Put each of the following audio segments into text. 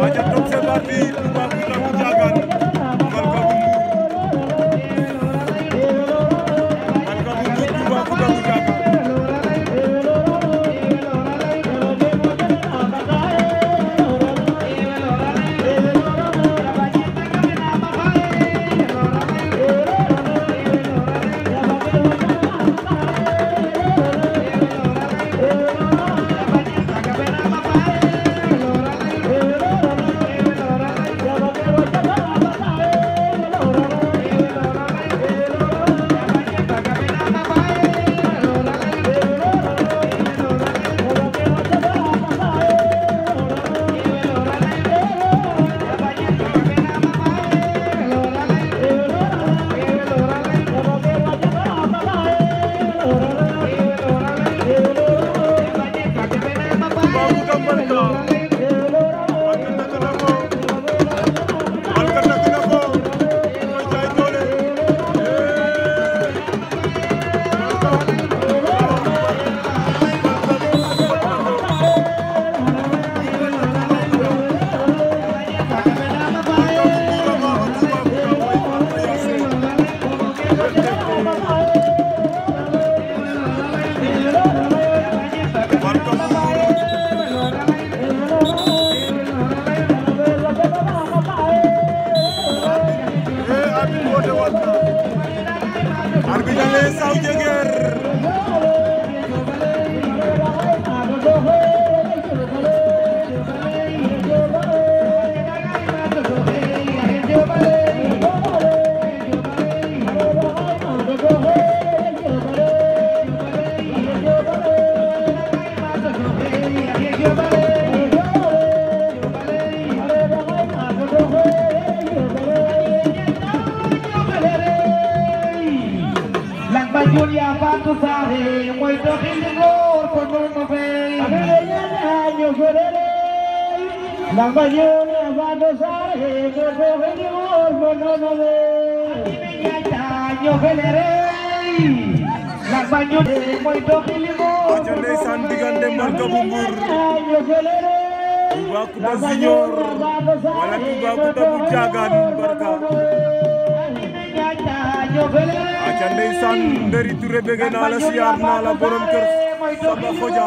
Badiane Doom Seen Baar bi Toubacouta bu Ndiagane yaa faatu saaxi mooy doxin góor ko doon ko fey ñu gërëre ndax ba ñëw yaa faatu saaxi mooy doxin góor ko doon ko fey ñu gërëre ndax ba ñëw mooy doxin góor ko doon ko fey diggante Margo bu Mbour Toubacouta Junior wala Toubacouta bu Jaagaan Barka aca ndeysaan Nderi Touré bëgg naa la siyaar naa e la borom kër Samba Xoja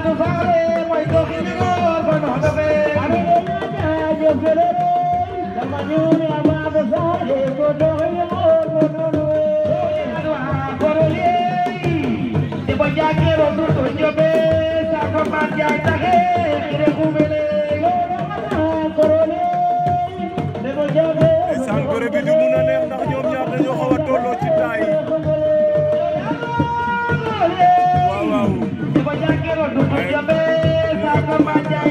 Bye.